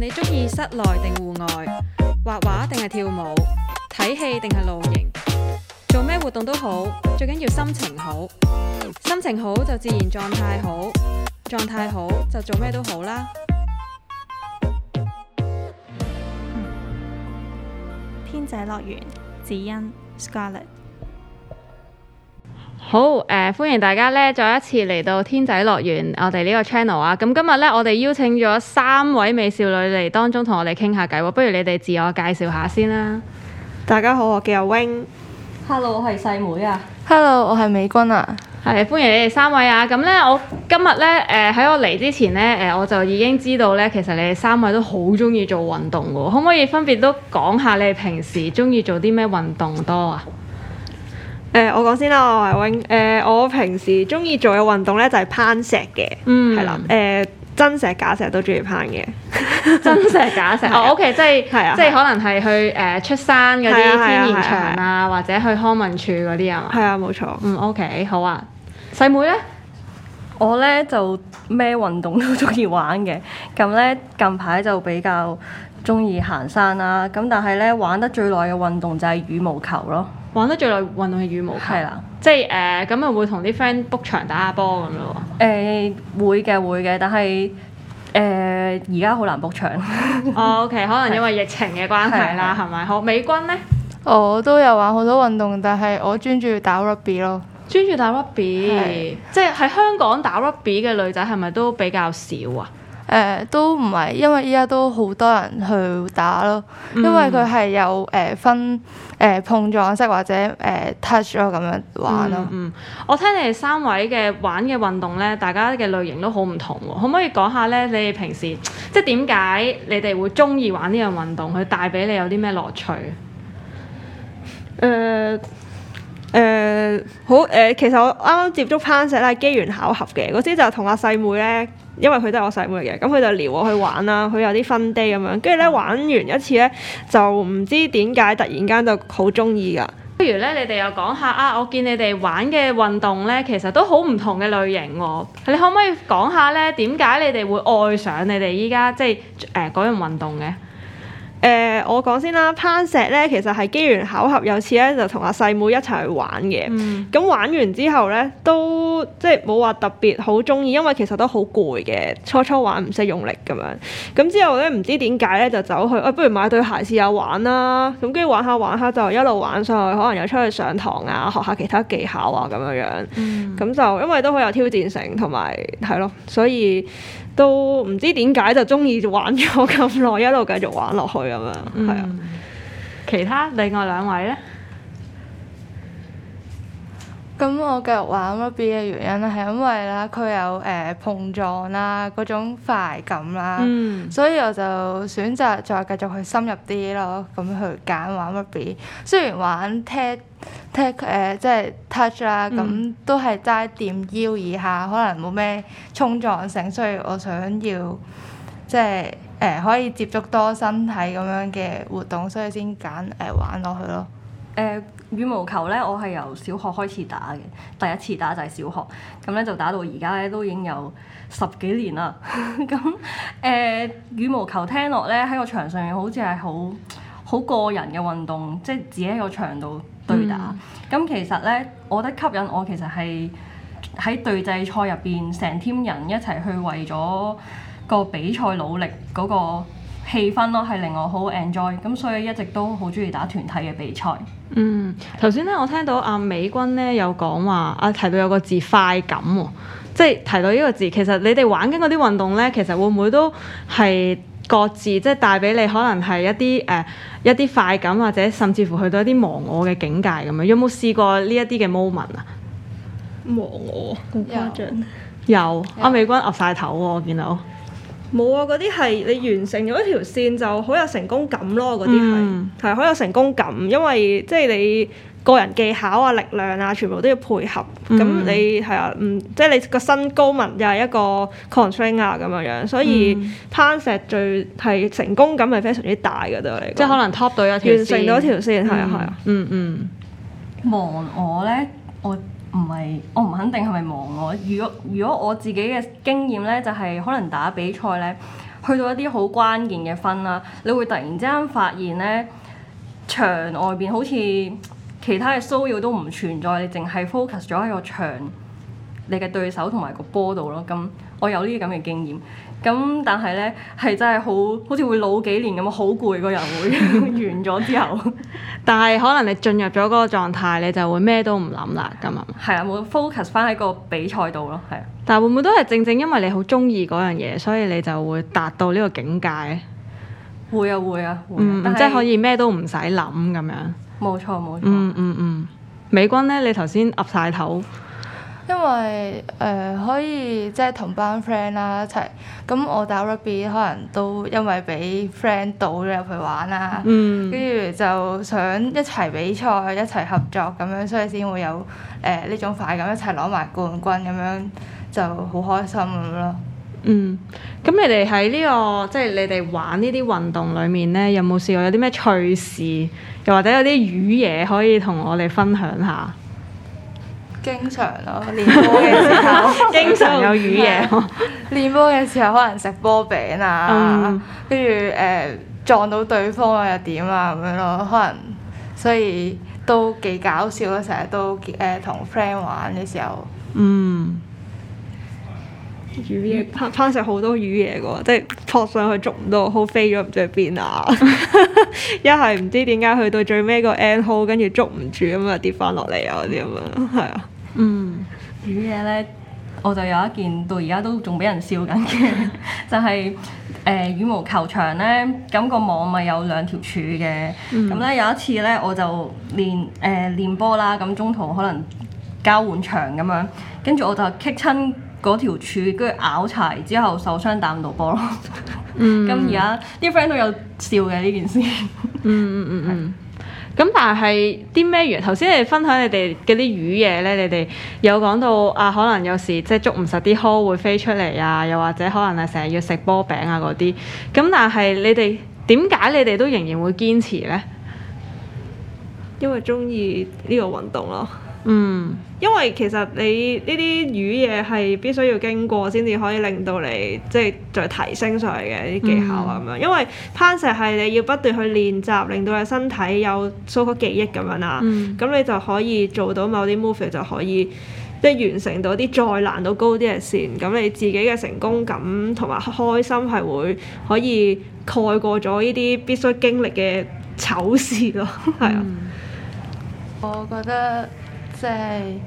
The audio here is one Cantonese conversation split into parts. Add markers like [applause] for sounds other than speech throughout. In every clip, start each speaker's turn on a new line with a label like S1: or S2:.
S1: 你中意室內定戶外，畫畫定係跳舞，睇戲定係露營，做咩活動都好，最緊要心情好。心情好就自然狀態好，狀態好就做咩都好啦。嗯、天仔樂園，指欣，Scarlett。Scar 好誒、呃，歡迎大家咧，再一次嚟到天仔樂園、啊嗯，我哋呢個 channel 啊。咁今日咧，我哋邀請咗三位美少女嚟當中同我哋傾下偈喎。不如你哋自我介紹下先啦。大家好，我叫
S2: 阿 Wing。Hello，我係細妹啊。
S1: Hello，我係美君啊。係、嗯、歡迎你哋三位啊。咁、嗯、咧，今呢呃、我今日咧，誒喺我嚟之前咧，誒、呃、我就已經知道咧，其實你哋三位都好中意做運動噶。可唔可以分別都講下你哋平時中意做啲咩運動多啊？誒、呃，我講先啦，我係永誒、呃，我平時中意做嘅運動咧就係攀石嘅，係啦、嗯，誒、呃、真石假石都中意攀嘅， [laughs] 真石假石。 [laughs] 啊、哦，O K，即係即係可能係去誒、呃、出山嗰啲天然場啊，啊啊啊或者去康文處嗰啲啊嘛。係啊，冇錯嗯。嗯，O K，好啊。細妹咧，
S2: 我咧就咩運動都中意玩嘅，咁咧近排就比較中意行山啦。咁但係咧玩得最耐嘅運動就係羽毛球咯。玩得最耐運動係羽毛球，係啦的，即係誒咁啊，會同啲 friend book 場打下波咁咯喎。誒會嘅會嘅，但係誒而家好難 book 場。哦 [laughs] 、
S1: oh，OK，可能因為疫情嘅關係啦，係咪的的？好美君咧，
S3: 我都有玩好多運動，但係我專注打 rugby 咯，專注打 rugby，即係
S1: 喺香港打 rugby 嘅女仔係咪都比較少啊？
S3: 誒、呃、都唔係，因為依家都好多人去打咯，因為佢係有誒、呃、分誒、呃、碰撞式或者誒 touch 咁樣玩咯嗯。嗯，
S1: 我聽你哋三位嘅玩嘅運動咧，大家嘅類型都好唔同喎，可唔可以講下咧？你哋平時即係點解你哋會中意玩呢樣運動？佢帶俾你有啲咩樂趣？誒、呃。誒、呃、好誒、呃，其實我啱啱接觸攀石咧，機緣巧合嘅嗰時就同阿細妹咧，因為佢都係我細妹嚟嘅，咁佢就撩我去玩啦，佢有啲分 day 咁樣，跟住咧玩完一次咧，就唔知點解突然間就好鍾意㗎。不如咧，你哋又講下啊，我見你哋玩嘅運動咧，其實都好唔同嘅類型喎、哦，你可唔可以講下咧點解你哋會愛上你哋依家即係誒嗰樣運動嘅？誒、呃，我講先啦。攀石咧，其實係機緣巧合，有次咧就同阿細妹一齊去玩嘅。咁、嗯、玩完之後咧，都即係冇話特別好中意，因為其實都好攰嘅。初初玩唔識用力咁樣。咁之後咧，唔知點解咧就走去，誒、哎、不如買對鞋試下玩啦。咁跟住玩下玩下就一路玩上去，可能又出去上堂啊，學下其他技巧啊咁樣樣。咁、嗯、就因為都好有挑戰性，同埋係咯，所以。都唔知點解就中意玩咗咁耐，一路繼續玩落去咁樣，係啊、嗯。其他另外兩位呢？
S3: 咁我繼續玩 Rugby 嘅原因咧，係因為咧佢有誒、呃、碰撞啦，嗰種快感啦，嗯、所以我就選擇再繼續去深入啲咯，咁去揀玩 Rugby。雖然玩 Tat Tat 誒、呃、即係 Touch 啦，咁、嗯、都係齋掂腰以下，可能冇咩衝撞性，所以我想要即係誒、呃、可以接觸多身體咁樣嘅活動，所以先揀誒玩落去咯。
S2: 呃、羽毛球咧，我係由小學開始打嘅，第一次打就係小學，咁咧就打到而家咧都已經有十幾年啦。咁 [laughs] 誒、呃、羽毛球聽落咧，喺個場上面好似係好好個人嘅運動，即、就、係、是、自己喺個場度對打。咁、嗯、其實咧，我覺得吸引我其實係喺對制賽入邊，成 team 人一齊去為咗個比賽努力嗰、那個氣氛咯，係令我好 enjoy，咁所以一直都好鍾意打團體嘅比賽。
S1: 嗯，頭先咧，我聽到阿美君咧有講話，阿、啊、提到有個字快感喎、哦，即係提到呢個字。其實你哋玩緊嗰啲運動咧，其實會唔會都係各自即係帶俾你，可能係一啲誒、呃、一啲快感，或者甚至乎去到一啲忘我嘅境界咁樣。有冇試過呢一啲嘅 moment 啊？忘我？咁誇張？有。阿有有、啊、美君岌晒頭喎、哦，我見到。冇啊！嗰啲係你完成咗一條線就好有成功感咯，嗰啲係係好有成功感，因為即係你個人技巧啊、力量啊，全部都要配合。咁、嗯、你係啊，嗯，即係你個身高咪又係一個 constraint 啊咁樣樣，所以、嗯、攀石最係成功感係非常之大嘅對你。即係可能 top 到一條線。完成咗一條線係、嗯、啊係啊，嗯嗯。
S2: 望我咧，我。唔係，我唔肯定係咪忙我。如果如果我自己嘅經驗咧，就係可能打比賽咧，去到一啲好關鍵嘅分啦，你會突然之間發現咧，場外邊好似其他嘅騷擾都唔存在，你淨係 focus 咗喺個場，你嘅對手同埋個波度咯，咁。我有呢啲咁嘅經驗，咁但係呢，係真係好好似會老幾年咁好攰個人會 [laughs] 完咗之後， [laughs] 但係可能你進
S1: 入咗嗰個狀態，你就會咩都唔諗啦咁啊，
S2: 係啊，會 focus 翻喺個比賽度咯，係啊。
S1: 但會唔會都係正正因為你好中意嗰樣嘢，所以你就會達到呢個境界？
S2: 會啊 [laughs] 會啊，會啊會啊嗯，是即係可以咩都唔
S1: 使諗咁樣。
S2: 冇錯冇錯，錯嗯嗯嗯，
S1: 嗯。美君呢，你頭先岌晒頭。
S3: 因為誒、呃、可以即係同班 friend 啦一齊，咁我打 rugby 可能都因為俾 friend 倒咗入去玩啦，跟住、嗯、就想一齊比賽、一齊合作咁樣，所以先會有誒呢、呃、種快感，一齊攞埋冠軍咁樣就好開心咁咯。嗯，
S1: 咁你哋喺呢個即係、就是、你哋玩呢啲運動裡面呢，有冇試過有啲咩趣事，又或者有啲雨嘢可以同我哋分享下？
S3: 經常咯，練波嘅時候 [laughs] 經常有魚嘢。對 [laughs] 練波嘅時候可能食波餅啊，跟住誒撞到對方又啊又點啊咁樣咯，可能所以都幾搞笑咯。成日都誒同 friend 玩嘅時候，嗯，魚嘢攀石好多魚嘢嘅喎，即係撲上去捉唔到，
S1: 好飛咗唔知去邊啊！一係唔知點解去到最尾個 end hole，跟住捉唔住咁啊跌翻落嚟啊嗰啲咁啊，
S2: 係啊～嗯，羽嘢咧，我就有一件到而家都仲俾人笑緊嘅， [laughs] 就係、是、誒、呃、羽毛球場咧，咁、那個網咪有兩條柱嘅，咁咧、mm hmm. 有一次咧，我就練誒、呃、練波啦，咁中途可能交換場咁樣，跟住我就棘親嗰條柱，跟住拗柴之後受傷打唔到波咯。
S1: 咁而家
S2: 啲 friend 都有笑嘅呢件事。嗯嗯嗯嗯。Hmm. Mm hmm. mm hmm. 咁但係
S1: 啲咩魚？頭先你哋分享你哋嗰啲魚嘢咧，你哋有講到啊，可能有時即係捉唔實啲鶴會飛出嚟啊，又或者可能係成日要食波餅啊嗰啲。咁但係你哋點解你哋都仍然會堅持咧？因為中意呢個運動咯。嗯，因為其實你呢啲魚嘢係必須要經過先至可以令到你即係再提升上嚟嘅啲技巧啊、嗯。咁、嗯、樣。因為攀石係你要不斷去練習，令到你身體有收縮記憶咁樣啦。咁、嗯、你就可以做到某啲 move 就可以即係完成到啲再難度高啲嘅線。咁你自己嘅成功感同埋開心係會可以蓋過咗呢啲必須經歷嘅醜事咯。係、嗯、
S3: [laughs] 啊，我覺得。即係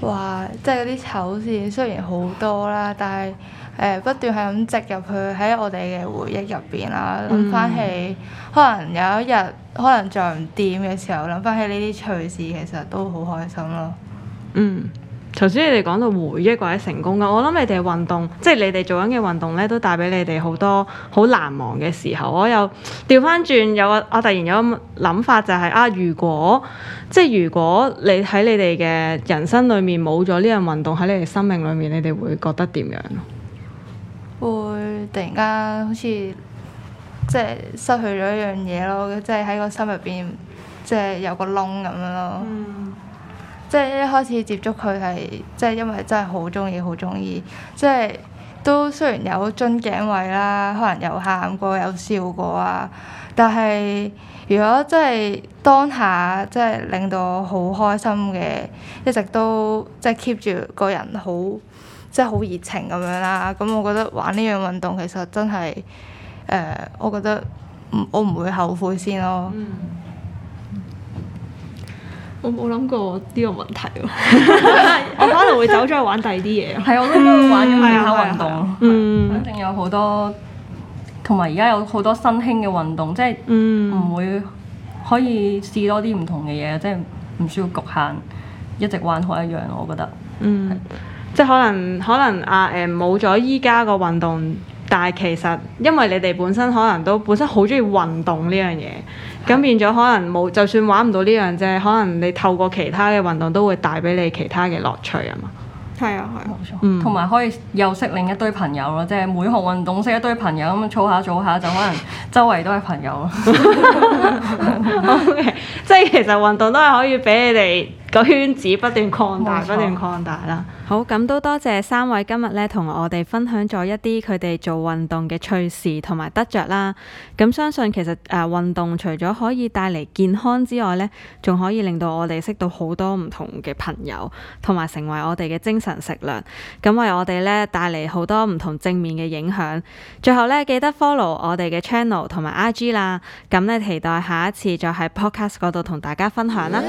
S3: 話，即係嗰啲醜事雖然好多啦，但係誒、呃、不斷係咁植入去喺我哋嘅回憶入邊啦。諗翻起，嗯、可能有一日可能再唔掂嘅時候，諗翻起呢啲趣事，其實都好開心咯。嗯。
S1: 頭先你哋講到回憶或者成功嘅，我諗你哋運動，即係你哋做緊嘅運動咧，都帶俾你哋好多好難忘嘅時候。我又調翻轉，有啊，我突然有諗法就係啊，如果即係如果你喺你哋嘅人生裏面冇咗呢樣運動喺你哋生命裏面，你哋會覺得點樣？
S3: 會突然間好似即係失去咗一樣嘢咯，即係喺個心入邊即係有個窿咁樣咯。嗯。即係一開始接觸佢係，即係因為真係好中意，好中意。即係都雖然有樽頸位啦，可能有喊過，有笑過啊。但係如果真係當下，即係令到我好開心嘅，一直都即係 keep 住個人好，即係好熱情咁樣啦。咁我覺得玩呢樣運動其實真係，誒、呃，我覺得唔，我唔會後悔先咯。嗯。
S2: 我冇諗過呢個問題 [laughs] [laughs] 我
S1: 可能會走咗去玩第二啲嘢。
S2: 係我都會玩其他運動，對對對，嗯，肯定有好多，同埋而家有好多新興嘅運動，即係唔會可以試多啲唔同嘅嘢，即係唔需要局限一直玩好一樣。我覺得， [music]
S1: 對嗯，對即係可能，可能啊誒，冇咗依家個運動。但係其實，因為你哋本身可能都本身好鍾意運動呢樣嘢，咁是的 變咗可能冇，就算玩唔到呢樣啫，可能你透過其他嘅運動都會帶俾你其他嘅樂趣啊嘛。係啊，係冇
S2: 錯，同埋、嗯、可以又識另一堆朋友咯，即係每項運動識一堆朋友咁樣儲下儲下，就可能周圍都係朋友咯。OK，即係其實運動
S1: 都係可以俾你哋個圈子不斷擴大，錯不斷擴大啦。好，咁都多謝三位今日咧，同我哋分享咗一啲佢哋做運動嘅趣事同埋得着啦。咁相信其實誒，運動除咗可以帶嚟健康之外呢，仲可以令到我哋識到好多唔同嘅朋友，同埋成為我哋嘅精神食糧。咁為我哋呢帶嚟好多唔同正面嘅影響。最後呢，記得 follow 我哋嘅 channel 同埋 IG 啦。咁咧，期待下一次再喺 podcast 嗰度同大家分享啦。